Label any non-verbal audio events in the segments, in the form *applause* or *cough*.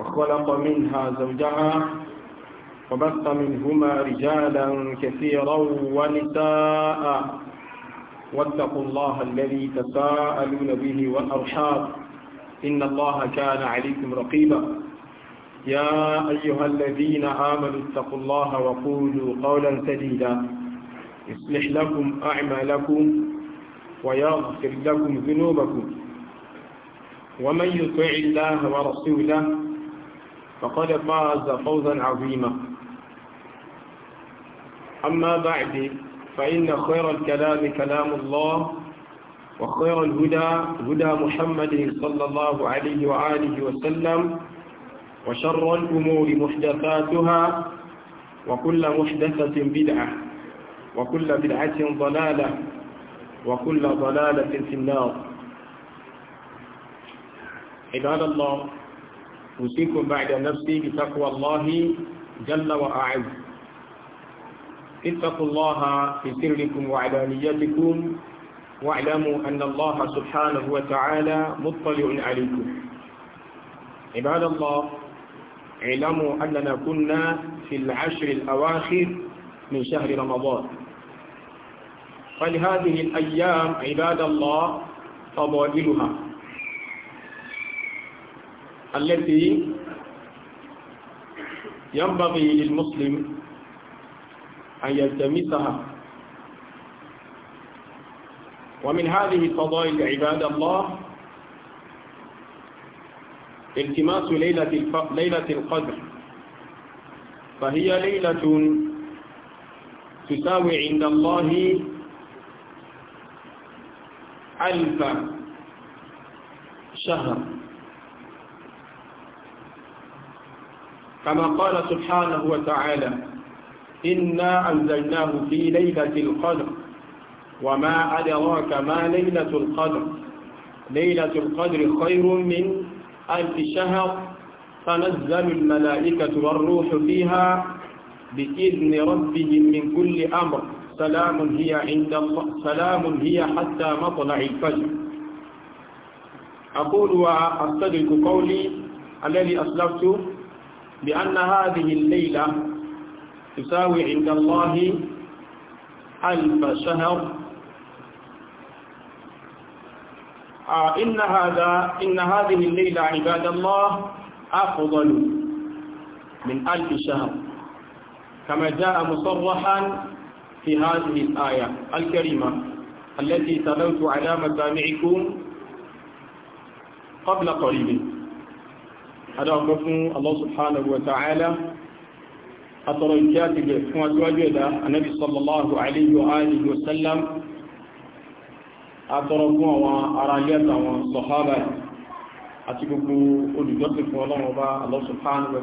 وخلق منها زوجها وبث منهما رجالا كثيرا ونساء واتقوا الله الذي تساءلون به والأرحاب إن الله كان عليكم رقيبا يا أيها الذين آمنوا اتقوا الله وقولوا قولا سديدا يصلح لكم أعمالكم ويغفر لكم ذنوبكم ومن يطع الله ورسوله فقد فاز فوزا عظيما أما بعد فإن خير الكلام كلام الله وخير الهدى هدى محمد صلى الله عليه وآله وسلم وشر الأمور محدثاتها وكل محدثة بدعة وكل بدعة ضلالة وكل ضلالة في النار عباد الله أوصيكم بعد نفسي بتقوى الله جل وأعز اتقوا الله في سركم وعلانيتكم واعلموا أن الله سبحانه وتعالى مطلع عليكم عباد الله اعلموا أننا كنا في العشر الأواخر من شهر رمضان فلهذه الأيام عباد الله فضائلها التي ينبغي للمسلم أن يلتمسها ومن هذه الفضائل عباد الله التماس ليلة, الف... ليلة القدر فهي ليلة تساوي عند الله ألف شهر كما قال سبحانه وتعالى إنا أنزلناه في ليلة القدر وما أدراك ما ليلة القدر ليلة القدر خير من ألف شهر تنزل الملائكة والروح فيها بإذن ربهم من كل أمر سلام هي عند الله سلام هي حتى مطلع الفجر أقول وأستدرك قولي الذي أسلفته بأن هذه الليلة تساوي عند الله ألف شهر آه، إن هذا إن هذه الليلة عباد الله أفضل من ألف شهر كما جاء مصرحا في هذه الآية الكريمة التي تلوت على مسامعكم قبل قليل adáwọ̀pẹ́ fún Allah subhanahu wa ta'ala atọ̀rọ̀ ìkẹ́ àtìgẹ̀ fún aṣíwájú ẹ̀dá anábì sallallahu alayhi wa alihi wa sallam atọ̀rọ̀ fún àwọn ará ilé àtàwọn sọ̀hábà àti gbogbo olùjọ́sìn fún ọlọ́run ọba Allah subhanahu wa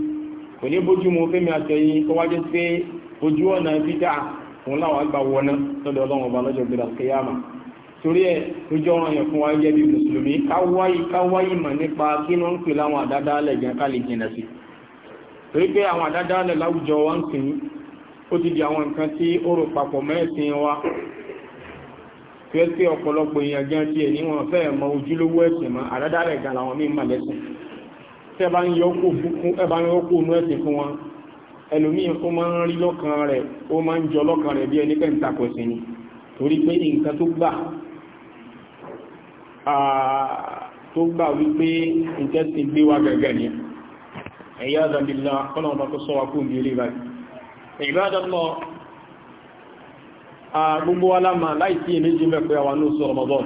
onye ní bójú mu fẹ́mi àtẹ̀yìn kó wájú pé ojú ọ̀nà bídà òun láwọn àgbà wọná lọ́dọ̀ ọlọ́run ọba lọ́jọ́ gbéra kéyàmà torí ẹ̀ ojú ọ̀ràn yẹn fún wa jẹ́ bí mùsùlùmí káwáyé káwáyé mà nípa kí wọ́n ń pè láwọn àdáda alẹ̀ gan ká lè jìnà sí torí pé àwọn àdáda alẹ̀ láwùjọ di àwọn nǹkan tí ó rò papọ̀ wa fẹ́ ọ̀pọ̀lọpọ̀ èèyàn tiẹ̀ níwọ̀n mọ ojúlówó ẹ̀sìn mọ́ àdáda gan làwọn mà lẹ́sìn tẹ́ bá ń yọ kó nú ẹ̀sìn fún wọn ẹlòmíì ó máa ń rí lọ́kàn rẹ̀ ó máa ń jọ lọ́kàn rẹ̀ bí ẹni pẹ́ ń takò sí ni torí pé nǹkan tó gbà tó gbà wípé nǹkan ti gbé wa gẹ̀gẹ̀ ni ẹ̀yà àdàbìlá kọ́nà ọba tó sọ wa kó ní ilé báyìí ìbádọ́lọ́ gbogbo alámà láìsí èméjì mẹ́pẹ́ àwọn ní oṣù Ramadan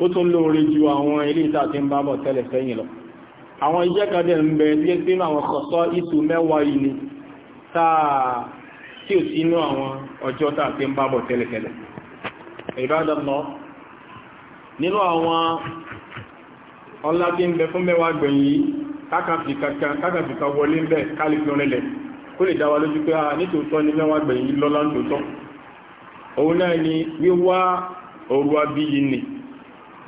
ó tó lóore ju àwọn ilé ìta tí ń bá bọ̀ tẹ́lẹ̀ sẹ́yìn lọ àwọn iṣẹ́ kan ń bẹ tí pé àwọn kọ̀sọ́ ìtù mẹ́wàá yìí ni táà tí ò sínú àwọn ọjọ́ tá tí ń bá bọ̀ tẹ́lẹ̀ tẹ́lẹ̀ ìbádọ́nà nínú àwọn ọlá tí ń bẹ fún mẹ́wàá gbẹ̀yìn yìí kákàfìkà wọlé ń bẹ kálífì orílẹ̀ kó lè dá wa lójú pé a ah, nítòótọ́ ni wíwá òru abíyí ni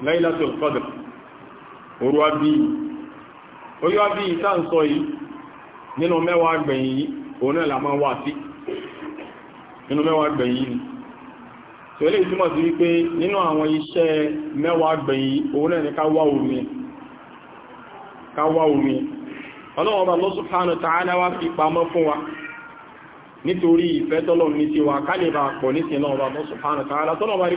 Laylatul Qadr òru abí oyó abí ìta ń sọ yìí nínú mẹ́wàá gbẹ̀yìn yìí òun náà làmọ́ wà sí nínú mẹ́wàá gbẹ̀yìn yìí tí ó lè túmọ̀ sí wípé nínú àwọn iṣẹ́ mẹ́wàá gbẹ̀yìn òun náà omi omi bá wa nítorí ìfẹ́ ní pọ̀ wa ta'ala bá rí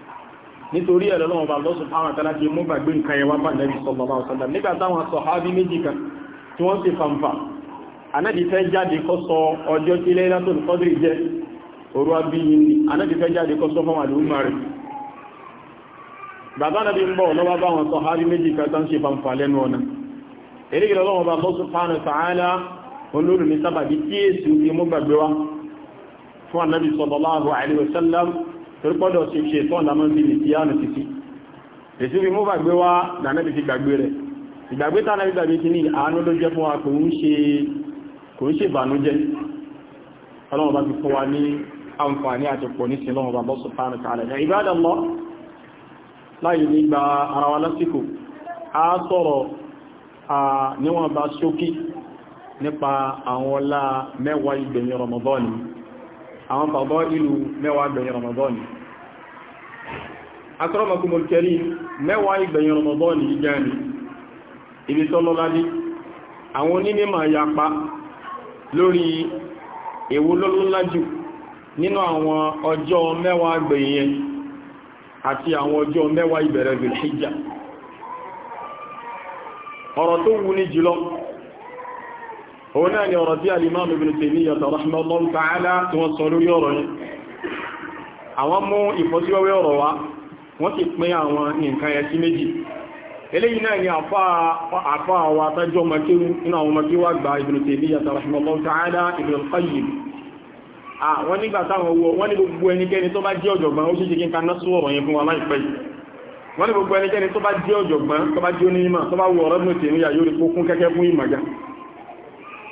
nítorí ẹ̀rọ lọ́wọ́ bá lọ́sùn àwọn àtàlá ti mú gbàgbé nǹkan ẹwà bá nẹ́bí sọ̀bọ̀bá ọ̀sọ̀dá nígbà táwọn sọ̀hábí méjì kan tí wọ́n sì fàǹfà anábì fẹ́ jáde kọ́ sọ ọjọ́ tí ilé látò kọ́dìrì jẹ́ òru abíyí ni anábì fẹ́ jáde kọ́ sọ fọ́mà lóhùn rẹ̀ bàbá anábì ń bọ̀ lọ́wọ́ bá wọn sọ̀hábí méjì torí pọ́dọ̀ ṣe ṣe tán lámọ́ sí ní tíyánù títí èsì rí mú gbàgbé wá lànàbí fi gbàgbé rẹ̀ ìgbàgbé tánàbí gbàgbé ti ní àánú ló jẹ́ fún wa kò ń ṣe ìbànújẹ́ ọlọ́run bá ti fún wa ní a sọ̀rọ̀ níwọ̀n bá ṣókí nípa àwọn ọlá mẹ́wàá ìgbẹ̀yìn Ramadan àwọn bàbá ìlú mẹ́wàá gbẹ̀yìn Ramadan akramakumul karim mẹ́wàá ìgbẹ̀yìn Ramadan ìjẹ́ ni ibi tọ́lọ́ládé àwọn onímọ̀ yapa lórí èwo lọ́lọ́lájú nínú àwọn ọjọ́ mẹ́wàá gbẹ̀yìn àti àwọn ọjọ́ mẹ́wàá ìbẹ̀rẹ̀ Dhul Hijjah òun náà ni ọ̀rọ̀ tí al-Imam Ibn Taymiyyah rahimahullahu ta'ala tí wọ́n sọ lórí ọ̀rọ̀ yìí àwọn mú ìfọ́síwẹ́wẹ́ ọ̀rọ̀ wá wọ́n ti pín àwọn nǹkan ẹ̀ sí méjì eléyìí náà ni àfá àwọn atájọ́ makéwú nínú àwọn makéwú àgbà Ibn Taymiyyah rahimahullahu ta'ala Ibn al-Qayyim wọ́n nígbà táwọn owó wọ́n ní gbogbo ẹnikẹ́ni tó bá jẹ́ ọ̀jọ̀gbọ́n ó sì ṣe kí n ka ná sọ̀rọ̀ yẹn fún wa láìpẹ́ yìí wọ́n ní gbogbo ẹnikẹ́ni tó bá jẹ́ ọ̀jọ̀gbọ́n tó bá jẹ́ onímọ̀ tó bá wọ ọ̀rọ̀ Ibn Taymiyyah yóò rí kó kún kẹ́kẹ́ fún ìmọ̀gá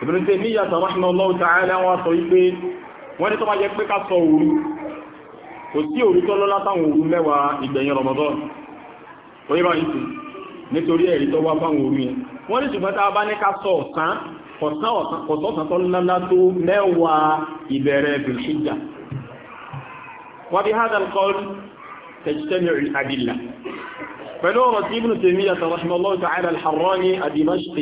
Ibn Taymiyyah rahimahullahu ta'ala wọ́n sọ wípé wọ́n ní tó máa jẹ́ pé ká sọ òru kò sí òru tó lọ́lá táwọn òru mẹ́wàá ìgbẹ̀yìn Ramadan orí bá yìí nítorí ẹ̀rí tó wá fáwọn òru yẹn wọ́n ní ṣùgbọ́n tá bá ní ká sọ ọ̀sán kọ̀sọ́sán tó lọ́lá tó mẹ́wàá ìbẹ̀rẹ̀ Dhul-Hijjah wa bi hadha al-qawl pẹ̀lú ọ̀rọ̀ tí Ibn Taymiyyah rahimahullahu ta'ala al-Harrani ad-Dimashqi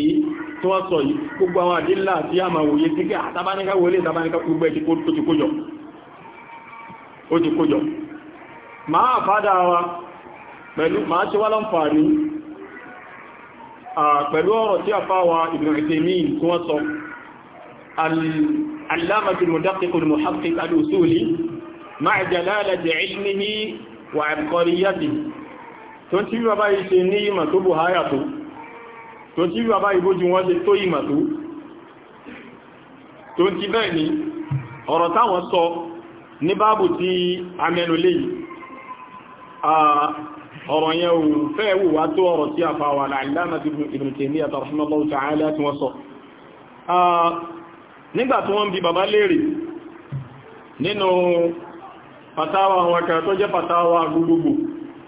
tí wọ́n sọ yìí gbogbo àwọn àdílà tí a máa wòye sí gá ah, tàbáníká wọlé tàbáníká gbogbo ẹ̀ ó ti kójọ máa fádà wa pẹ̀lú máa ṣe wá lọ́nfààní pẹ̀lú ọ̀rọ̀ tí a fáwa tó tí bàbá yìí ṣe ní ìmọ̀ tó bù háyà tó tó tí bàbá yìí bójú wọ́n ṣe tó ìmọ̀ tó tó ti bẹ́ẹ̀ ni ọ̀rọ̀ táwọn sọ ní báàbù tí a mẹ́nu léyìí ọ̀rọ̀ yẹn ò fẹ́ wù wá tó ọ̀rọ̀ tí a fa wà láìláàmà tí Ibn Taymiyyah rahimahullahu ta'ala tí wọ́n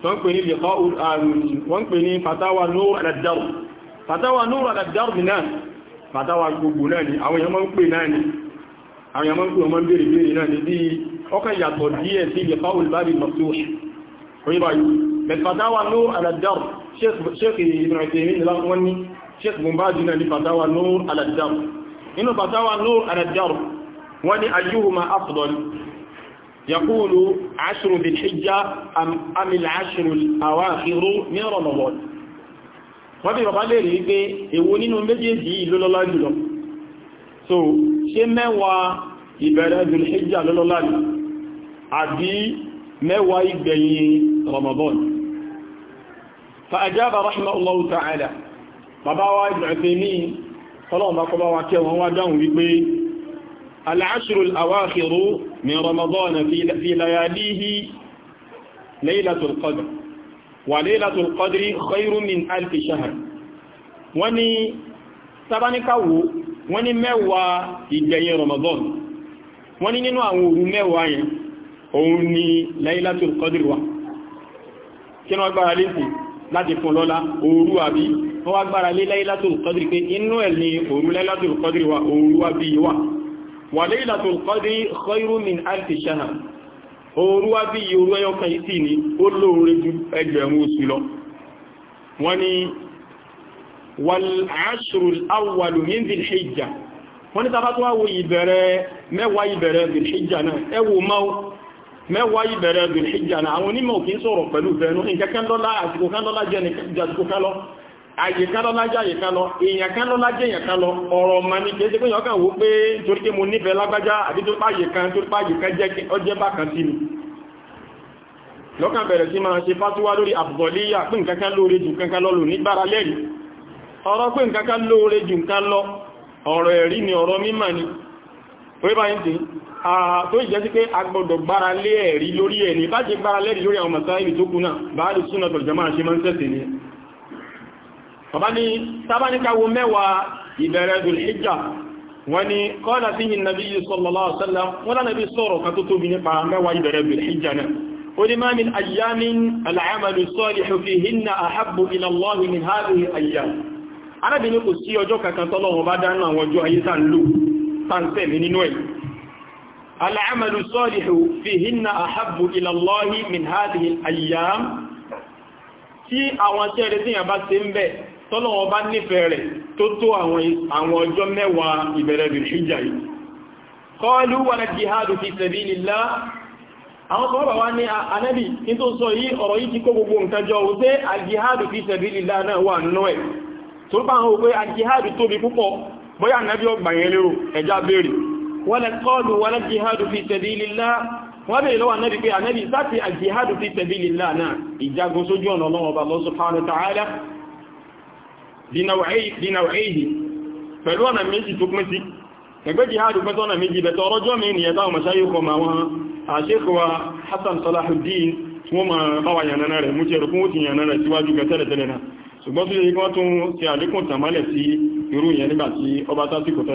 wọ́n pè ní lèkọ́ wọ́n pè ní fatawa nóòrò àdàdàrù fatawa nóòrò àdàdàrù náà fatawa gbogbo náà ni àwọn èèyàn máa ń pè náà ni àwọn èèyàn máa ń pè wọ́n máa ń bèèrè bèèrè náà ni bí ọkàn yàtọ̀ díẹ̀ sí lèkọ́ olùbábi mọ̀síwọ̀n يقول عشر ذي الحجة أم, أم العشر الأواخر من رمضان wọ́n bí bàbá lè rí pé èwo nínú méjèèjì lọ́lọ́lá jùlọ so ṣé mẹ́wàá ìbẹ̀rẹ̀ Dhul Hijjah lọ́lọ́lá jù àbí mẹ́wàá ìgbẹ̀yìn Ramadan fa ajaba rahimahullahu ta'ala bàbá wa Ibn Uthaymeen tọ́lọ̀ من رمضان في لياليه ليلة القدر وليلة القدر خير من ألف شهر wani tabanikawo wani mẹ́wàá ìgbẹ̀yìn Ramadan wani nínú àwọn òru mẹ́wàá yẹn òun ni Laylatul Qadr wa kí wọ́n gbára lé sí láti fún lọ́lá òru àbí wọ́n wá gbára lé Laylatul Qadr pé inú ẹ̀ ni òru Laylatul Qadr wa òru àbí wa wà Laylatul Qadri khairun min alfi shahr òru wá bí òru ẹyọ kan yìí sì ni ó lóore ju ẹgbẹ̀rún oṣù lọ wọ́n ní wal ashrul awwal min dhil hijja wọ́n ní tàbátọ́ wá wo ìbẹ̀rẹ̀ mẹ́wàá ìbẹ̀rẹ̀ dhil hijja náà àyè kan lọ lájẹ́ àyè kan lọ èèyàn kan lọ lájẹ́ èèyàn kan lọ ọ̀rọ̀ ọ̀ma ni kìí ṣe pé èèyàn kan wò pé torí pé mo nífẹ̀ẹ́ lágbájá àbí tó páàyè kan tó páàyè kan jẹ́ ọjẹ́ bákan sí mi lọ́kàn bẹ̀rẹ̀ sí máa ṣe fátúwá lórí àbùbọ̀líyà pé nǹkan kan lóore jù nǹkan lọ lò nígbára lẹ́rìí ọ̀rọ̀ pé nǹkan lóore jù nǹkan lọ ọ̀rọ̀ ẹ̀rí ni ọ̀rọ̀ mímà ni pé báyìí tí tó ìjẹ́ sí pé a gbọ́dọ̀ gbára lé ẹ̀rí lórí ẹ̀ ní bá jẹ́ gbára lẹ́rìí lórí àwọn masáìlì tó kú náà bá lè súnà tọ̀jọ́má ṣe máa ń tẹ̀sẹ̀ ni bàbá ní sábáníkàwò mẹ́wàá ìbẹ̀rẹ̀ dùlhijjá wọ́n ní kọ́lá sí yìí nàbí sallallahu alaihi wasallam wọ́n lánàbí sọ̀rọ̀ kan tó tóbi nípa mẹ́wàá ìbẹ̀rẹ̀ dùlhijjá náà ó ní máa min ayyámi al'amalu salihu fihinna ahabbu ila Allah min hadhihi ayyam arábìnrin kò sí ọjọ́ kankan tọ́lọ́run bá dánú àwọn ọjọ́ ayé tàn lò tàǹtẹ̀ mi tọ́lọ́wọ́ bá nífẹ̀ẹ́ rẹ̀ tó tó àwọn ọjọ́ mẹ́wàá ìbẹ̀rẹ̀ rìṣíjà yìí kọlu wala jihadu fi sabilillah àwọn tó bá wá ní anẹ́bì ní tó sọ yí ọ̀rọ̀ yìí ti kó gbogbo nǹkan jọ wípé aljihadu fi sabilillah náà wà nínú ẹ̀ tó bá hàn wípé aljihadu tóbi púpọ̀ bóyá anẹ́bì ọgbà yẹn lérò ẹja béèrè wala kọlu wala jihadu fi sabilillah wọ́n bèèrè lọ́wọ́ anẹ́bì pé fi sabilillah náà linawaihi pẹ̀lú ọ̀nà méjì tó pín sí ẹgbẹ́ jihadu pẹ́tọ́ ọ̀nà méjì bẹ̀tọ̀ ọrọ́jọ́ mi ni ẹ̀dá ọmọṣáyíkọ̀ ma wọn àṣẹ́kọwa Hassan Salahuddin tí wọ́n ma báwa yànnà rẹ̀ mú jẹ́rù fún ó ti yànnà rẹ̀ síwájú gẹ̀tẹ́lẹ̀tẹ́lẹ̀ náà ṣùgbọ́n tó yẹ kí wọ́n tún ṣe àlékún tàmálẹ̀ sí irú yẹn nígbà tí ọba tásìkò tọ́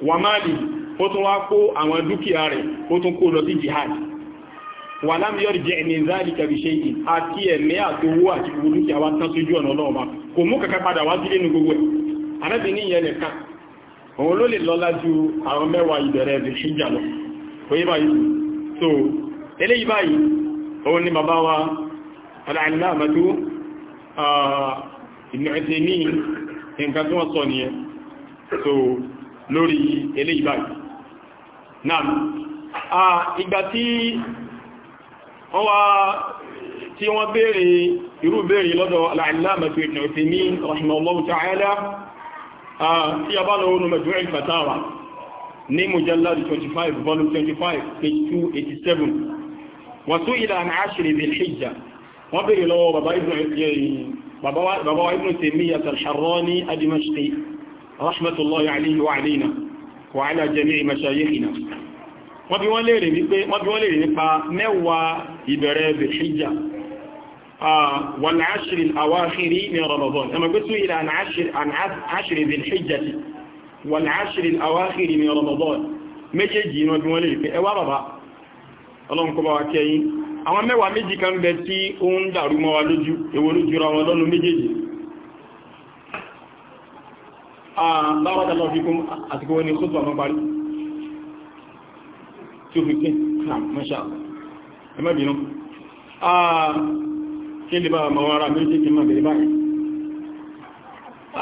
wà máàlì ó tún wá kó àwọn dúkìá rẹ̀ ó tún kó lọ sí jihad wà lámìyọ́rì jẹ́ ẹni záàlì kàbí ṣe yìí àti ẹ̀mẹ́ àti owó àti gbogbo dúkìá wá tán sójú ọ̀nà ọlọ́ọ̀bá kò mú kankan padà wá sílé nu gbogbo ẹ̀ anábì ìyẹn nìkan so eléyìí báyìí òun ni wa aláàmàtú ìnìyàn ti ní nǹkan so lórí eléyìí báyìí náà à ìgbà tí wọ́n wá tí wọ́n béèrè irú béèrè lọ́dọ̀ aláìláàmàtò ìtìnà òtìmí rahimahullahu ta'ala tí a bá lọ́wọ́ Majmu' al-Fatawa ní mujallad 25 volume 25 page 287 wa su'ila 'an 'ashri dhil-hijja wọ́n béèrè lọ́wọ́ bàbá eh, wa Ibn Taymiyyah al-Harrani ad رحمة الله عليه وعلينا وعلى جميع مشايخنا wọ́n bí wọ́n léèrè wípé wọ́n bí wọ́n léèrè nípa mẹ́wàá ìbẹ̀rẹ̀ bìṣíjà wal ashri al-awakhiri min Ramadan ẹmọ̀ pé tún ìlà àṣírí bìṣíjà ti wal ashri al-awakhiri min Ramadan méjèèjì wọ́n bí wọ́n léèrè pé ẹwà bàbá ọlọ́nkọba wa kẹyìn àwọn mẹ́wàá méjì kan bẹ tí ó ń dàrú mọ́ wa lójú èwo lójú ra wọn lọ́nu méjèèjì báwọ́dá lọ fi kún àti kí wọ́n ni kútùbà mọ́ parí 215 náà mọ́ṣà ẹmọ́bìnú kí lè bá mọ̀wọ́ra méjì kí mọ̀ bèèrè báyìí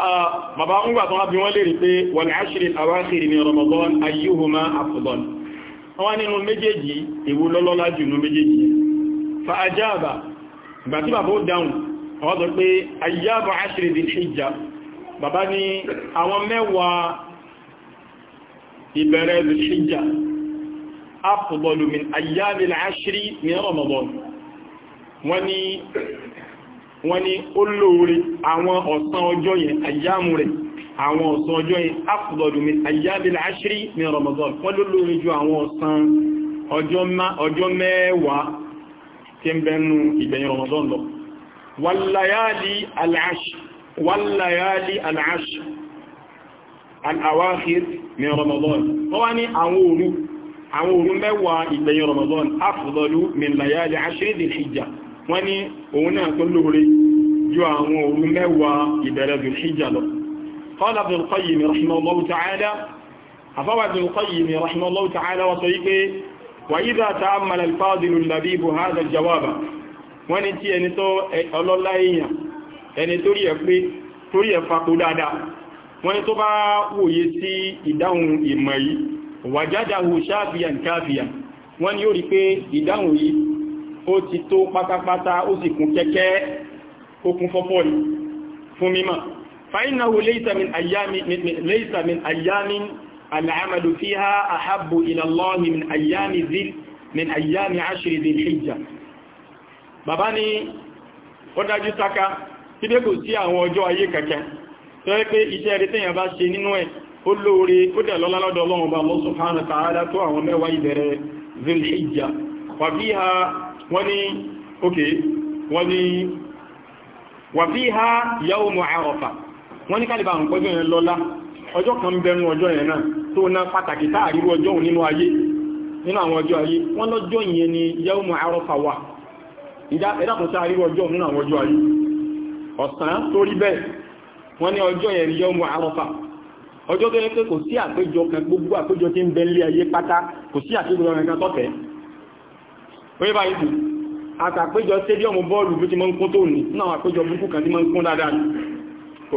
ah, bàbá ń gbà tó wá bí wọ́n lè rí pé wal ashri al-awakhir min Ramadan ayyuhuma afdal wọ́n nínú méjèèjì èwo lọ́lọ́lá jù nínú méjèèjì fa ajaba ìgbà tí bàbá ó dáhùn àwọn pé ayyamu ashri dhil hijja bàbá ní àwọn mẹ́wàá ìbẹ̀rẹ̀ lùsíjà afdalu min ayyami al-ashri min Ramadan wọ́n ní wọ́n ní ó lóore àwọn ọ̀sán ọjọ́ yẹn àyàmù rẹ̀ àwọn ọ̀sán ọjọ́ yẹn afdalu min ayyami al-ashri min Ramadan wọ́n ló lóore ju àwọn ọ̀sán ọjọ́ wàlàyálì al'ash al'awáhìr ní ramadan wọ́n wá ní àwọn òru àwọn òru mẹ́wàá ìgbẹ̀yìn ramadan afdalu min layali ashiridi hijja wọ́n ní òun náà tó lóore ju àwọn òru mẹ́wàá ìbẹ̀rẹ̀ dhul hijja lọ qala Ibnul Qayyim rahimahullahu ta'ala afawa Ibnul Qayyim rahimahullahu ta'ala wa wọ́n ní tí ẹni tó ọlọ́lá èèyàn ẹni torí ẹ̀ pé torí ẹ̀ fapò dáadáa wọ́n ni tó bá wòye sí ìdáhùn ìmọ̀ yìí wàjádáhù ṣáàfihàn káàfihàn wọ́n ni yóò rí pé ìdáhùn yìí ó ti tó pátápátá ó sì kún kẹ́kẹ́ ó kún fọ́fọ́ rí fún mímọ̀ fàínàwó lẹ́ìsàmìn àyámin al'amalu fiha ahabbu ila Allahi min ayyami zil min ayyami ashri zil hijja bàbá ni ó dájú sáká ibe kò sí àwọn ọjọ́ ayé kẹ̀kẹ́ tó yẹ pé iṣẹ́ rẹ̀ tẹ́yàn bá ṣe nínú ẹ̀ ó lóore ó dẹ̀ lọ́lá lọ́dọ̀ Ọlọ́run bá Allah subhanahu wa ta'ala tó àwọn mẹ́wàá ìbẹ̀rẹ̀ Zul-Hijja wàfíhà wọ́n ní ókè nínú àwọn ọjọ́ ayé wọ́n ni yawmu Arafa wà ìdá ọjọ́ nínú àwọn ọjọ́ ayé ọ̀sán tó rí bẹ́ẹ̀ wọ́n ní ọjọ́ yẹn rí yọ́mù àrọ́fà ọjọ́ tó yẹ pé kò sí àpéjọ kan gbogbo àpéjọ tí ń bẹ lé ayé pátá kò sí àpéjọ kan kan tọ́tẹ̀ oye báyìí tù àtàpéjọ stadium bọ́ọ̀lù bí ti mọ́ ń kún tó ní náà àpéjọ burúkú kan ti mọ́ ń kún dáadáa kò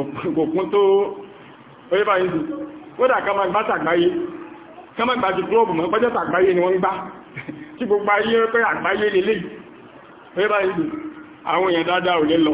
kún tó oye báyìí tù kódà ká máa gbá tàgbáyé ká máa gbá ti klọ́ọ̀bù mọ́ pẹ́jọ́ tàgbáyé ni wọ́n ń gbá tí gbogbo ayé pé àgbáyé lélẹ́yìí oye báyìí tù àwọn èèyàn dáadáa ò lè lọ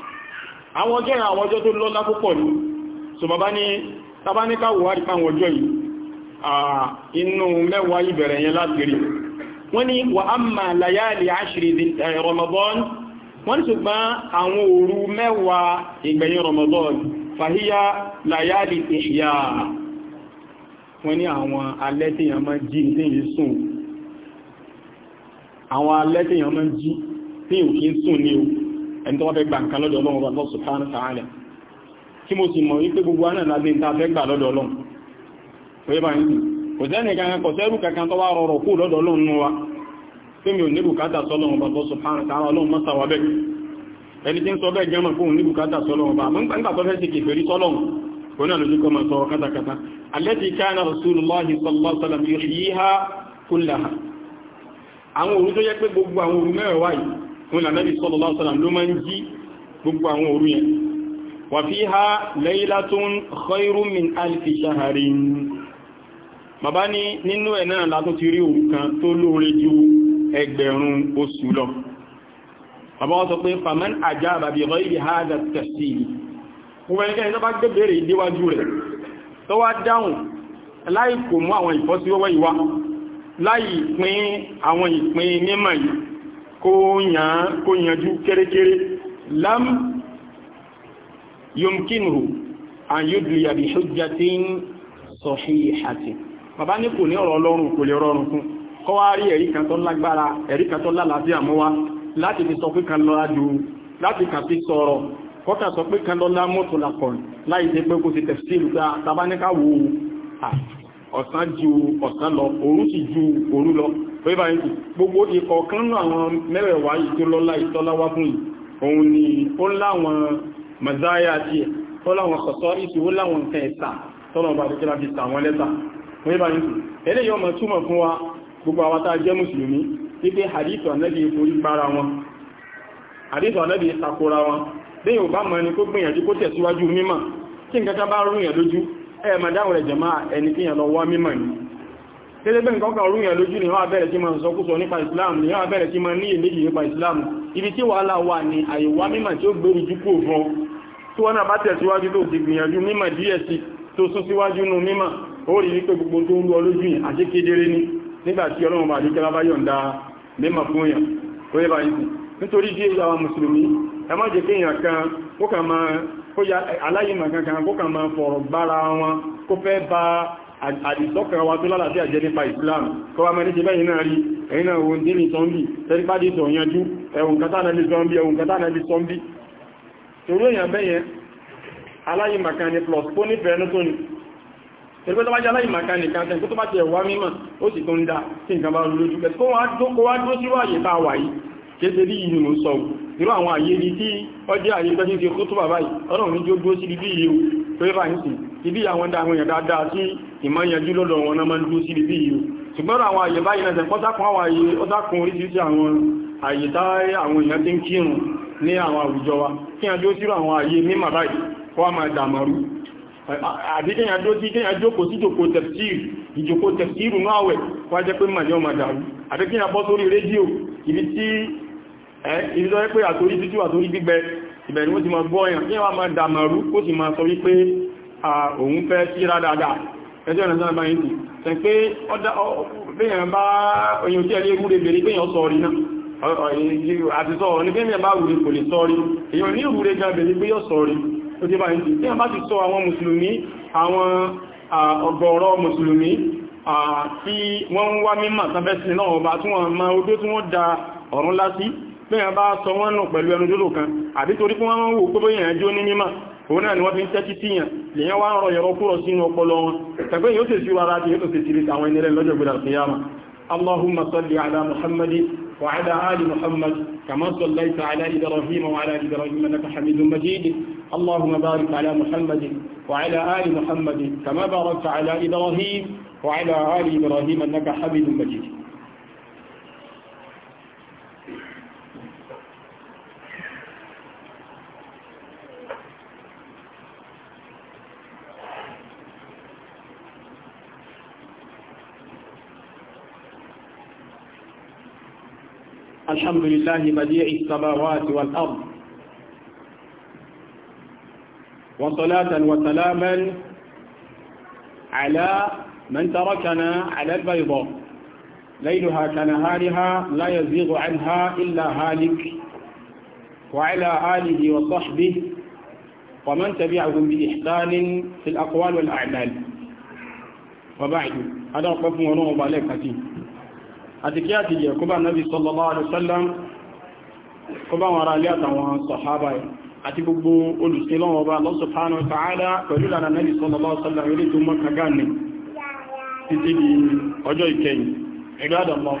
àwọn ọjọ́ ìrìn àwọn ọjọ́ tó lọ́lá púpọ̀ ní so bàbá ní tàbá ní káwò wá dípa àwọn ọjọ́ yìí inú mẹ́wàá ìbẹ̀rẹ̀ yẹn láti rí wọ́n ní wà á mà láyáàlì àṣírí Ramadan wọ́n ní ṣùgbọ́n àwọn Ramadan fàhíyà láyáàlì ìṣìyà wọ́n ní àwọn alẹ́ tí yàn máa jí ní ìsùn o ẹni tó wọ́n fẹ́ gbà nǹkan lọ́dọ̀ ọlọ́run Allah subhanahu wa ta'ala mo sì mọ̀ wípé gbogbo àná lábí ń ta fẹ́ gbà lọ́dọ̀ ọlọ́run pé òun lànàbí sallallahu alaihi wasallam ló máa ń jí gbogbo àwọn òru yẹn wà fi ha laylatun khairun min alfi shaharin bàbá ní nínú ẹ̀ náà látún ti rí òru kan tó lóore ju ẹgbẹ̀rún oṣù lọ bàbá wọ́n sọ pé faman ajaba bi ghayri kó yanjú kérékéré lam yomkinhu an yudli àbí hujjatin sahihatin bàbá ní kò ní ọ̀rọ̀ ọlọ́run kò lè rọrùn fún kọ́ wá rí ẹ̀rí kan tó lágbára ẹ̀rí kan tó lálàáfíà mú wá láti fi sọ pé kan lọ́ra ju láti kà fi sọ̀rọ̀ kọ́kà sọ pé kan lọ́lá mọ́tò lápọ̀n láì jẹ́ pé kò sí tẹ̀sílù tàbáníkà wo ọ̀sán ju ọ̀sán lọ òru sì ju òru lọ pé bá yìí gbogbo ìkọ̀ọ̀kan náà àwọn mẹ́rẹ̀wá yìí tó lọ́lá ìtọ́láwá fún yìí òun ni ó láwọn mazaya tí ẹ̀ tó láwọn sọ̀tọ́ ìsì ó láwọn nǹkan ẹ̀ta tọ́lọ̀ bá dókè láti tà wọn lẹ́ta pé bá yìí ẹlẹ́ yọ máa túmọ̀ fún wa gbogbo àwọn tá a jẹ́ mùsùlùmí wípé hadith anabi forí gbára wọn hadith anabi takora wọn lẹ́yìn òbá mọ ẹni kó gbìyànjú kó tẹ̀síwájú mímọ̀ tí nǹkan mímọ̀ ni tẹ́lẹ́gbẹ́ nǹkan kan orúyàn lójú ni wọ́n abẹ́rẹ̀ tí ma ń sọkúsọ nípa Islam ni wọ́n abẹ́rẹ̀ tí ma ní ìléjì nípa Islam ibi tí wàhálà wà ní àyíwá mímọ̀ tí ó gbérí jú kò fún tí wọ́n náà bá tẹ̀síwájú tó ti gbìyànjú mímọ̀ díẹ̀ sí tó sún síwájú nú mímọ̀ ó rí wípé gbogbo àdìsọ́kàn wa tó lálàáfíà jẹ́ nípa Islam kọ́ wa mẹ́rin ṣe bẹ́yìn náà rí ẹ̀yìn náà wọ́n dí ní sọ́mbì tẹ́lípàdé sọ yanjú ẹ̀wùn kátánàbí sọ́mbì ẹ̀wùn kátánàbí sọ́mbì ni plus kó nífẹ̀ẹ́ ní tóní ẹgbẹ́ tó bá jẹ́ aláyìmàkan nìkan tẹ́ tó bá ti ẹ̀wà mímọ̀ ó sì tó ń dá sí nǹkan bá lójú pẹ̀ kó wá dó sí wáyé tá a wà yìí kéde bí ìlú ló sọ irú àwọn àyè ibi tí ọjọ́ àyè tó ti ń kó tó bàbá yìí ọlọ́run jó dó sí ibi pẹ́lá ìsìn ibi àwọn ẹ̀dà dáa lọ́dọ̀ wọn náà máa dúró sí ibi yìí ṣùgbọ́n àwọn àyè báyìí náà tẹ̀pọ́ àwọn àyè ó sákùn àwọn àyè tá àwọn èèyàn ti ń ní àwọn àwùjọ wa kí a dúró sírò àwọn àyè mímà báyìí kó máa dàmọ̀rú àbí kí a dúró sí kí a jókòó sí ìjòkó tẹ̀síìrì ìjòkó tẹ̀síìrì náà wẹ̀ kó jẹ́ pé màdé ọmọ dàrú kí a bọ́ sórí rédíò ibi ibi pé ibẹ̀ ni wọ́n ti mọ̀ gbọ́ ẹ̀yàn tí wọ́n máa dàmàrú ó sì máa sọ wípé òun fẹ́ sí rádàdà ẹjọ́ ìrìnàjò àbá yìí tẹ̀ pé bẹ́yàn bá oyin tí ẹlé rúre bèèrè bẹ́yàn sọ́ọ̀rí náà àti sọ́ọ̀rọ̀ ní bẹ́yàn bá rúre kò lè sọ́ọ̀rí èyàn ní rúre gan bèèrè bẹ́yàn sọ́ọ̀rí ó ti bá yìí tí wọ́n bá ti sọ àwọn mùsùlùmí àwọn ọgọ́rọ̀ mùsùlùmí tí wọ́n ń wá mímọ̀ sáfẹ́sì náà ọba tí wọ́n ma odó tí wọ́n da ọ̀run lásí bẹ́yàn bá sọ wọ́n nù pẹ̀lú ẹnu jólò kan àbí torí kí wọ́n mọ́ wò gbogbo èèyàn jó ní mímọ̀ òun náà ni wọ́n fi ń tẹ́kí síyàn lèyàn wá ń rọ ẹ̀rọ kúrò sínú ọpọlọ wọn tẹ̀pẹ́ yóò sì sí ara yóò sì sí àwọn ẹni rẹ̀ lọ́jọ́ gbẹ̀dà sí yàmà Allahumma salli ala Muhammad wa ala ali Muhammad kama sallaita ala Ibrahim wa ala Ibrahim innaka Hamidum Majid Allahumma barik ala Muhammad wa ala ali Muhammad kama barakta ala Ibrahim wa ala ali Ibrahim innaka Hamidum Majid الحمد لله بديع السماوات والأرض وصلاة وسلاما على من تركنا على البيضاء ليلها كنهارها لا يزيغ عنها إلا هالك وعلى آله وصحبه ومن تبعهم بإحسان في الأقوال والأعمال وبعد هذا قف ونوم عليك كثير àti kí àti yẹ̀kúbà nábi sallallahu alaihi wasallam kó bá wọn ará ilé àtàwọn sọ̀hábà àti gbogbo olùsílọ́wọ́ bá Allah subhanahu wa ta'ala pẹ̀lú ìlànà nábi sallallahu alaihi wasallam ilé tó mọ́ kagánì títí di ọjọ́ ìkẹyìn ẹgbẹ́dàmọ́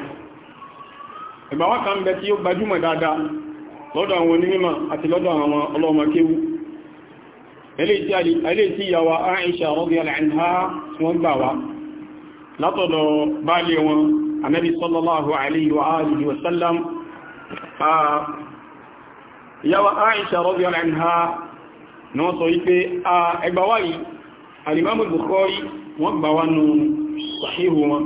ìgbàwà kan bẹ tí ó gbajúmọ̀ dáadáa lọ́dọ̀ àwọn onímọ̀ àti lọ́dọ̀ àwọn ọlọ́mọkéwú ilé Aisha radiyallahu anha wọ́n gbà wá látọ̀dọ̀ báálé wọn anábi sallallahu alayhi wa alihi wa sallam yàwà Aisha radiyallahu anha ní wọ́n sọ wípé ẹgbàwáyí alimamu Bukhari wọ́n gbàwá nù sahihu wọn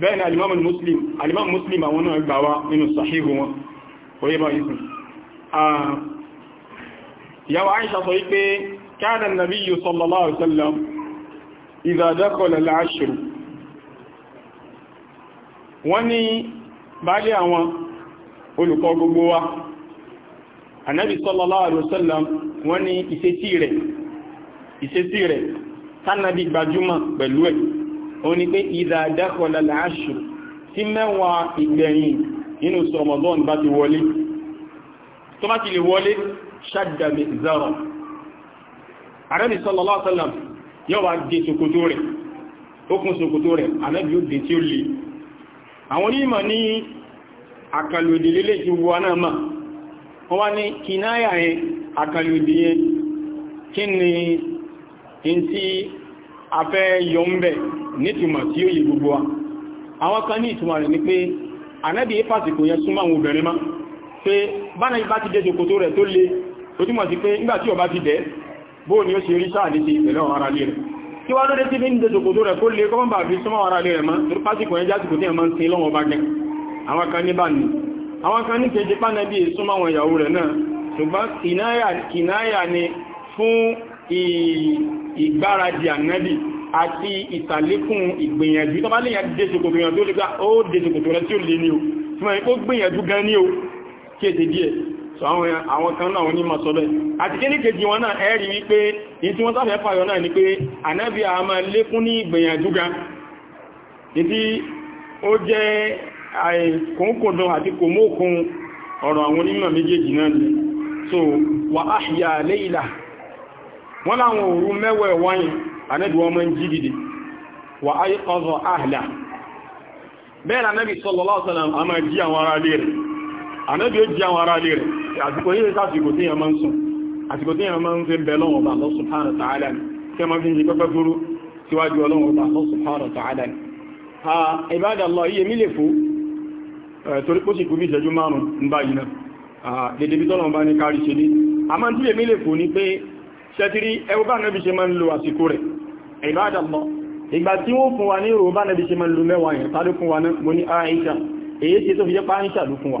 bẹ́ẹ̀ ni alimamu Muslim alimamu Muslim àwọn náà gbàwá nínú sahihu wọn oye bá ìsìn yàwà Aisha sọ wípé kana an-nabiyyu sallallahu alayhi wa sallam idha dakhala al-ashr wọ́n ní baálé àwọn olùkọ́ gbogbo wa anábi sallallahu alaihi wasallam wọ́n ní ìṣesí rẹ̀ ìṣesí rẹ̀ tánàbí gbajúmọ̀ pẹ̀lú ẹ̀ o ní pé idha dakhala al-ashr tí mẹ́wàá ìgbẹ̀yìn nínú Ramadan bá ti wọlé tó bá ti lè àwọn onímọ̀ ní àkàlòdì lélẹ̀ ti wọ náà ma wọ́n wá ní àkàlòdì yẹn kí ni in tí a fẹ́ yọ ń bẹ̀ tí ó yẹ gbogbo wa àwọn kan ní ìtumọ̀ rẹ̀ ni pé ànábì fásitì súnmọ́ àwọn obìnrin pé ti dẹ́jọ kòtò rẹ̀ tó le ó túmọ̀ sí pé nígbà kí wá lóde tí fi ń dojòkòtò rẹ̀ kó lè kọ́mọ́ bà fi súnmọ́ ara rẹ̀ mọ́ tó pásìkò ẹjá sì kò tí ẹ̀mọ́ ń sin lọ́wọ́ bá gẹ́ àwọn kan ní bá ní àwọn kan ní kejì pánẹ́bí súnmọ́ àwọn ìyàwó rẹ̀ náà ni fún ìgbáradì ànẹ́bì àti ìtàlékún ìgbìyànjú tó bá lè yàn dẹ́sòkòtò yàn tó lè gbá ó dẹ́sòkòtò rẹ̀ tí ó lè ní o fún ẹ̀kọ́ gbìyànjú so àwọn kan náà onímọ̀ sọ bẹ́ẹ̀ àti kí ní kejì wọn náà ẹ̀rí wípé ní wọ́n sáfẹ́ fàyọ náà ni pé ànábì a máa lékún ní ìgbìyànjú ga ó jẹ́ àìkókòdán àti kòmókun ọ̀rọ̀ àwọn onímọ̀ méjèèjì náà ni so wọn àwọn àsìkò yìí sásìkò tí yẹn máa ń sùn àsìkò tí yẹn máa ń fi bẹ lọ́wọ́ bá Allah subhanahu wa ta'ala ni kí a máa fi ń ṣe pẹ́pẹ́ fúrú síwájú ọlọ́wọ́ bá Allah subhanahu wa ta'ala ni ha ibadallah iye mi lè fún torí pó sì kú bí ìṣẹ́jú márùn-ún báyìí náà dédé bí a máa ń tíye mi lè fún ní pé ṣẹ́tírí ẹwọ bá nẹ́bí ṣe máa ń lo àsìkò rẹ̀ ibadallah ìgbà tí wọ́n fún wa ní ìrò bá nẹ́bí ṣe máa ń lo mẹ́wàá yẹn tàbí fún wa ní Aisha èyí ṣe tó fi jẹ́ pa ló fún wa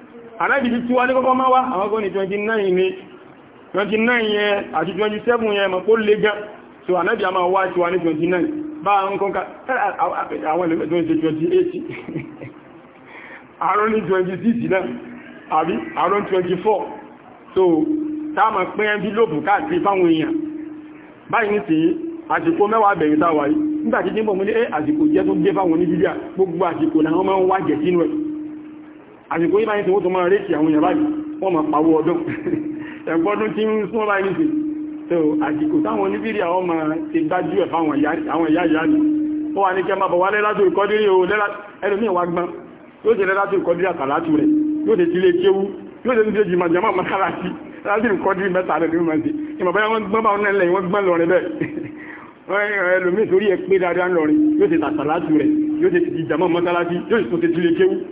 ànábì ti tí wá ní kọ́kọ́ máa wá àwọn kọ́ 29 ní 29 yẹn àti 27 yẹn mọ̀ kó lé gan so ànábì a máa wá tí wá ní 29 bá ń kọ́ àwọn ilẹ̀ 28 àrùn ní 26 náà àbí àrùn 24 so táàmà pín envelope káàkiri fáwọn èèyàn báyìí ní àsìkò mẹ́wàá bẹ̀rẹ̀ táwà yìí nígbàtí jímbọ̀ mú ní àsìkò jẹ́ tó gbé fáwọn oníbíbíà gbogbo àsìkò náà wọ́n máa ń wájẹ̀ sínú àsìkò yìí báyìí tí wọ́n tó máa rékì àwọn èèyàn báyìí wọ́n máa pàwọ́ ọdún *laughs* ẹ̀gbọ́dún tí ń sún báyìí nìsí so àsìkò táwọn oníbìrì àwọn máa ti gbájú ẹ̀ fáwọn ìyá ìyá ni ó wà o ẹlòmí ìwà gbọ́n yóò ṣe lẹ́látò ìkọ́dírí àtàlátù rẹ̀ yóò ṣe tilé kéwú yóò ṣe níbi jìmọ̀ jẹ́mọ̀ mọ́sálásí lẹ́látò ìkọ́dírí mẹ́ta rẹ̀ *laughs* nínú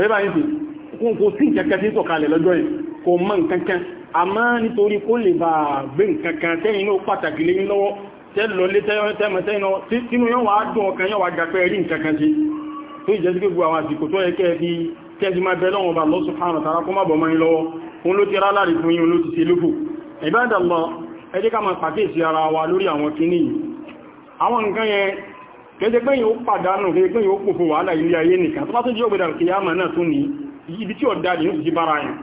pẹ̀lú àyín sí wọn kò sí ìkẹ́kẹ́ tí tọ̀ kalẹ̀ lọ́jọ́ yìí kò mọ́ nǹkankan àmọ́ nítorí kó lè bá gbé nǹkankan tẹ́yìn náà pàtàkì lé lọ́wọ́ tẹ́lọ lé tẹ́mọ̀tẹ́yìn náà tínú yóò wá dùn ọkàn yóò wá gapẹ́ rí nǹkankan sí tó ìjẹ́ sí gbogbo àwọn àsìkò tó yẹ kẹ́ẹ̀ fi kẹ́ẹ̀sì máa bẹ́ẹ̀ lọ́wọ́ bá lọ́ subhanahu wa ta'ala kó má bọ̀ mọ́ yín lọ́wọ́ òun ló ti rá láàrin fún yín ló ti ṣe lófò ìbádàlọ́ ẹ jẹ́ ká máa pàkíyèsí ara wa kẹjẹ pé yíò pàdánù kẹjẹ pé yíò kò fún wàhálà ilé ayé nìkan tó bá tó jẹ́ ògbèdà kìyàmà náà tún ní ibi tí ọ̀dá ni ó ti bára yẹn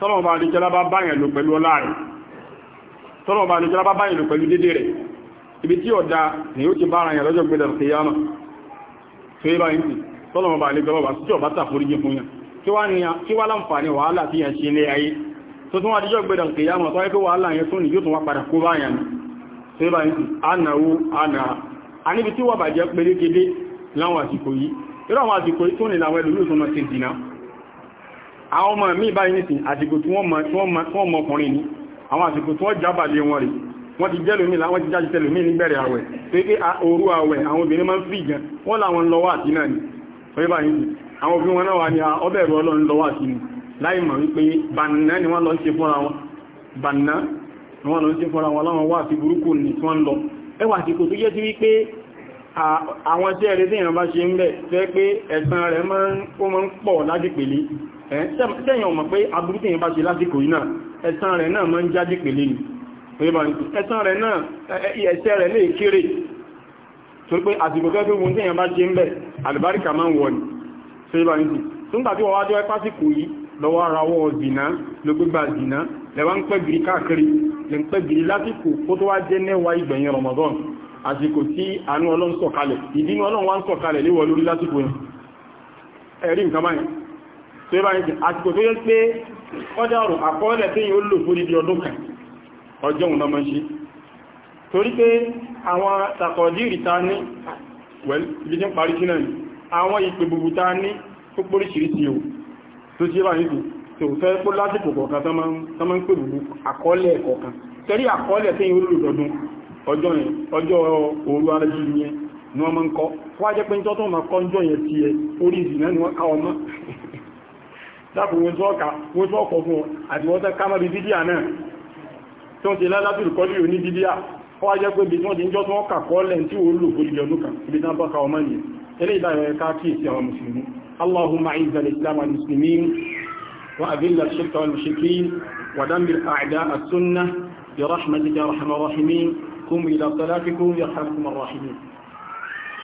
tọ́lọ̀ bá ní jẹ́lá bá báyẹn lò pẹ̀lú ọlá lò pẹ̀lú dédé ni ó ti bára yẹn lọ́jọ́ ògbèdà kìyàmà tó yẹ báyìí tọ́lọ̀ bá ní jẹ́lá bá síjọ́ bá tàforíjì fún yẹn kí wá láǹfààní wàhálà tí yẹn ṣe ilé ayé tó tún wá díjọ́ gbẹ̀dà kìyàmà tó wáyé pé wàhálà yẹn tún ní yóò tún wá padà kó báyẹn tó yẹ báyìí ànàwó ànàwó a níbi tí wọ́n bàjẹ́ pérékébé láwọn àsìkò yìí irú àwọn àsìkò yìí tún nílàwọn ẹlòmí tó mọ́ sí dìná àwọn ọmọ mi báyìí nìsìn àsìkò tí wọ́n mọ ọkùnrin ni àwọn àsìkò tí wọ́n jábàlé wọn rí wọ́n ti jẹ́lòmí láwọn ti jáde tẹ́lòmí níbẹ̀rẹ̀ àwẹ̀ pé pé òru àwẹ̀ àwọn obìnrin máa ń fi gan wọ́n láwọn lọ́wọ́ àti náà ni ọ̀rẹ́ báyìí àwọn obìnrin wọn ni láì mọ̀ wípé bànná ni wọ́n lọ ń fọ́ra wọn láwọn wà àti burúkú ni tí wọ́n lọ ẹwà àsìkò tó jẹ́ sí wípé àwọn tí ẹ̀rẹ́ tí ìrànbá ṣe ń bẹ̀ tẹ́ pé ẹ̀san rẹ̀ ó mọ́ ń pọ̀ láti pèlé tẹ́yàn mọ̀ pé aburú tí ìrànbá ṣe lásìkò yìí náà ẹ̀san rẹ̀ náà mọ́ ń jáde pèlé ni ẹ̀san rẹ̀ náà ẹ̀ṣẹ̀ rẹ̀ lè kéré tó pé àsìkò tẹ́ pé ohun tí ìrànbá lọ́wọ́ ara wọ́ zìnà ló gbégbà zìnà lẹ́wà ń pẹ́ gírí káàkiri lè ń pẹ́ gírí lásìkò kó tó wá jẹ́ mẹ́wàá ìgbẹ̀yìn Ramadan àsìkò tí àánú Ọlọ́run sọ̀kalẹ̀ ìdínú Ọlọ́run wá ń sọ̀kalẹ̀ léwọ lórí lásìkò yẹn ẹ̀rí nǹkan báyìí tó yẹ báyìí àsìkò tó yẹ pé ọjọ́rù àkọọ́lẹ̀ tí yóò lò fórí di ọdún kan ọjọ́ òun lọ́mọ ní wẹ́l ibi tó ṣe bá yìí tí ó fẹ́ kó lásìkò kọ̀ọ̀kan tán máa ń pè bùbù àkọọ́lẹ̀ kọ̀ọ̀kan tẹ́rí àkọọ́lẹ̀ tí yìí olùlù lọ́dún ọjọ́ yẹn ọjọ́ òru arájú yẹn ni wọ́n máa ń kọ́ wá jẹ́ pé ń tọ́tọ́ máa kọ́ ọjọ́ yẹn tiẹ̀ orí ìzìnà ni wọ́n ká ọmọ dápò wọn sọ́ọ̀ka *laughs* wọn sọ́ọ̀kọ̀ fún ọ àti wọ́n tẹ́ ká mọ́ bí bídíà náà tó ń ṣe lálátùrù kọ́lù ní bídíà wọ́n á jẹ́ pé ibi tí wọ́n ti ń jọ́ tí wọ́n kà kọ́ lẹ́yìn tí ó lò fún ìjọ́dún kan ibi tí wọ́n bá ka ọmọ yìí eléyìí láyọ̀ ẹ̀ka kíyèsí àwọn mùsùlùmí اللهم اعز الإسلام والمسلمين وأذل الشرك والمشركين ودمر أعداء السنة برحمتك يا أرحم الراحمين قم إلى صلاتكم يرحمكم الراحمين